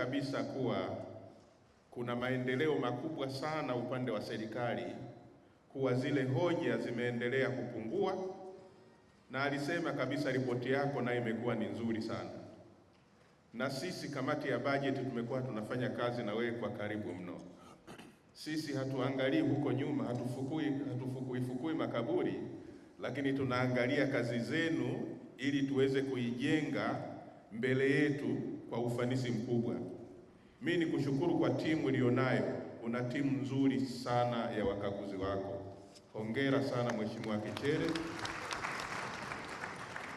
kabisa kuwa kuna maendeleo makubwa sana upande wa serikali, kuwa zile hoja zimeendelea kupungua, na alisema kabisa ripoti yako nayo imekuwa ni nzuri sana, na sisi kamati ya bajeti tumekuwa tunafanya kazi na wewe kwa karibu mno. Sisi hatuangalii huko nyuma, hatufukui hatufukui fukui makaburi, lakini tunaangalia kazi zenu ili tuweze kuijenga mbele yetu kwa ufanisi mkubwa. Mi ni kushukuru kwa timu iliyonayo. Una timu nzuri sana ya wakaguzi wako, hongera sana Mheshimiwa Kichere,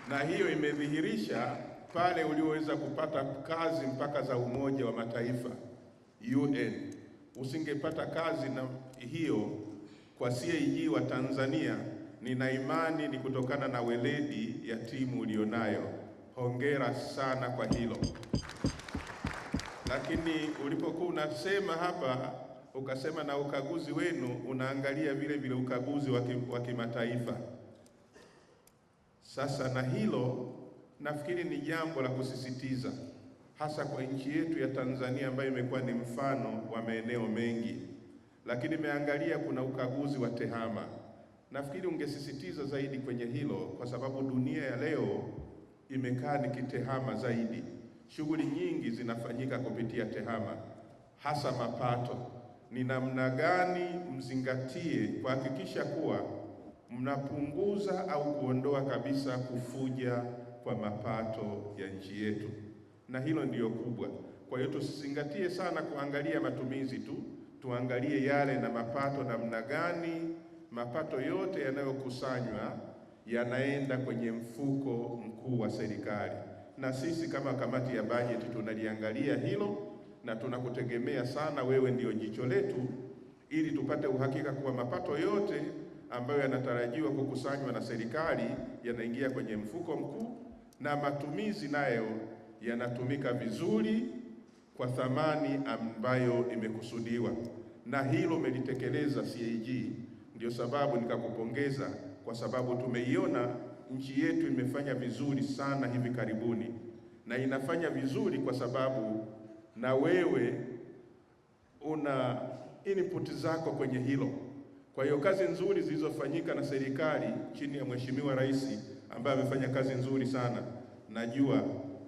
na hiyo imedhihirisha pale ulioweza kupata kazi mpaka za Umoja wa Mataifa UN. Usingepata kazi na hiyo kwa CAG wa Tanzania, nina imani ni kutokana na weledi ya timu ulionayo hongera sana kwa hilo. Lakini ulipokuwa unasema hapa, ukasema na ukaguzi wenu unaangalia vile vile ukaguzi wa kimataifa. Sasa na hilo nafikiri ni jambo la kusisitiza, hasa kwa nchi yetu ya Tanzania ambayo imekuwa ni mfano wa maeneo mengi, lakini imeangalia kuna ukaguzi wa tehama. Nafikiri ungesisitiza zaidi kwenye hilo, kwa sababu dunia ya leo imekaa ni kitehama zaidi. Shughuli nyingi zinafanyika kupitia tehama, hasa mapato. Ni namna gani mzingatie kuhakikisha kuwa mnapunguza au kuondoa kabisa kufuja kwa mapato ya nchi yetu, na hilo ndiyo kubwa. Kwa hiyo tusizingatie sana kuangalia matumizi tu, tuangalie yale na mapato, namna gani mapato yote yanayokusanywa yanaenda kwenye mfuko mkuu wa serikali, na sisi kama kamati ya bajeti tunaliangalia hilo na tunakutegemea sana, wewe ndiyo jicho letu, ili tupate uhakika kuwa mapato yote ambayo yanatarajiwa kukusanywa na serikali yanaingia kwenye mfuko mkuu na matumizi nayo yanatumika vizuri kwa thamani ambayo imekusudiwa, na hilo umelitekeleza CAG. Ndio sababu nikakupongeza kwa sababu tumeiona nchi yetu imefanya vizuri sana hivi karibuni, na inafanya vizuri kwa sababu na wewe una input zako kwenye hilo. Kwa hiyo kazi nzuri zilizofanyika na serikali chini ya Mheshimiwa Rais ambaye amefanya kazi nzuri sana, najua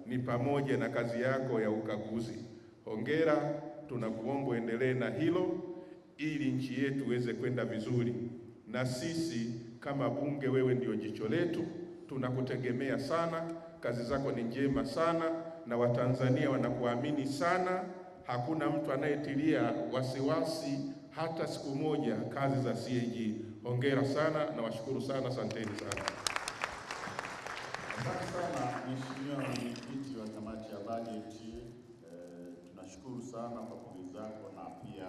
ni pamoja na kazi yako ya ukaguzi. Hongera, tunakuomba endelee na hilo ili nchi yetu iweze kwenda vizuri na sisi kama Bunge, wewe ndio jicho letu, tunakutegemea sana. Kazi zako ni njema sana, na Watanzania wanakuamini sana. Hakuna mtu anayetilia wasiwasi hata siku moja kazi za CAG. Hongera sana na washukuru sana, asanteni sana. Asante sana Mheshimiwa Mwenyekiti wa Kamati ya Bajeti, eh, tunashukuru sana kwa pongezi zako na pia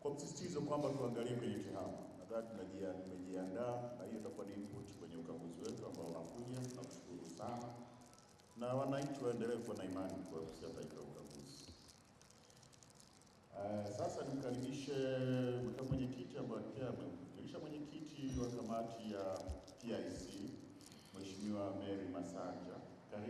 kwa msisitizo kwamba tuangalie kwenye tehama Nadhani tumejiandaa na hiyo itakuwa ni input kwenye ukaguzi wetu ambao unakuja. Nakushukuru sana, na wananchi waendelee kuwa na imani kwa taifa ya ukaguzi. Uh, sasa nimkaribishe makamu mwenyekiti ambaye pia amemwakilisha mwenyekiti wa kamati ya PIC Mheshimiwa Mary Masanja.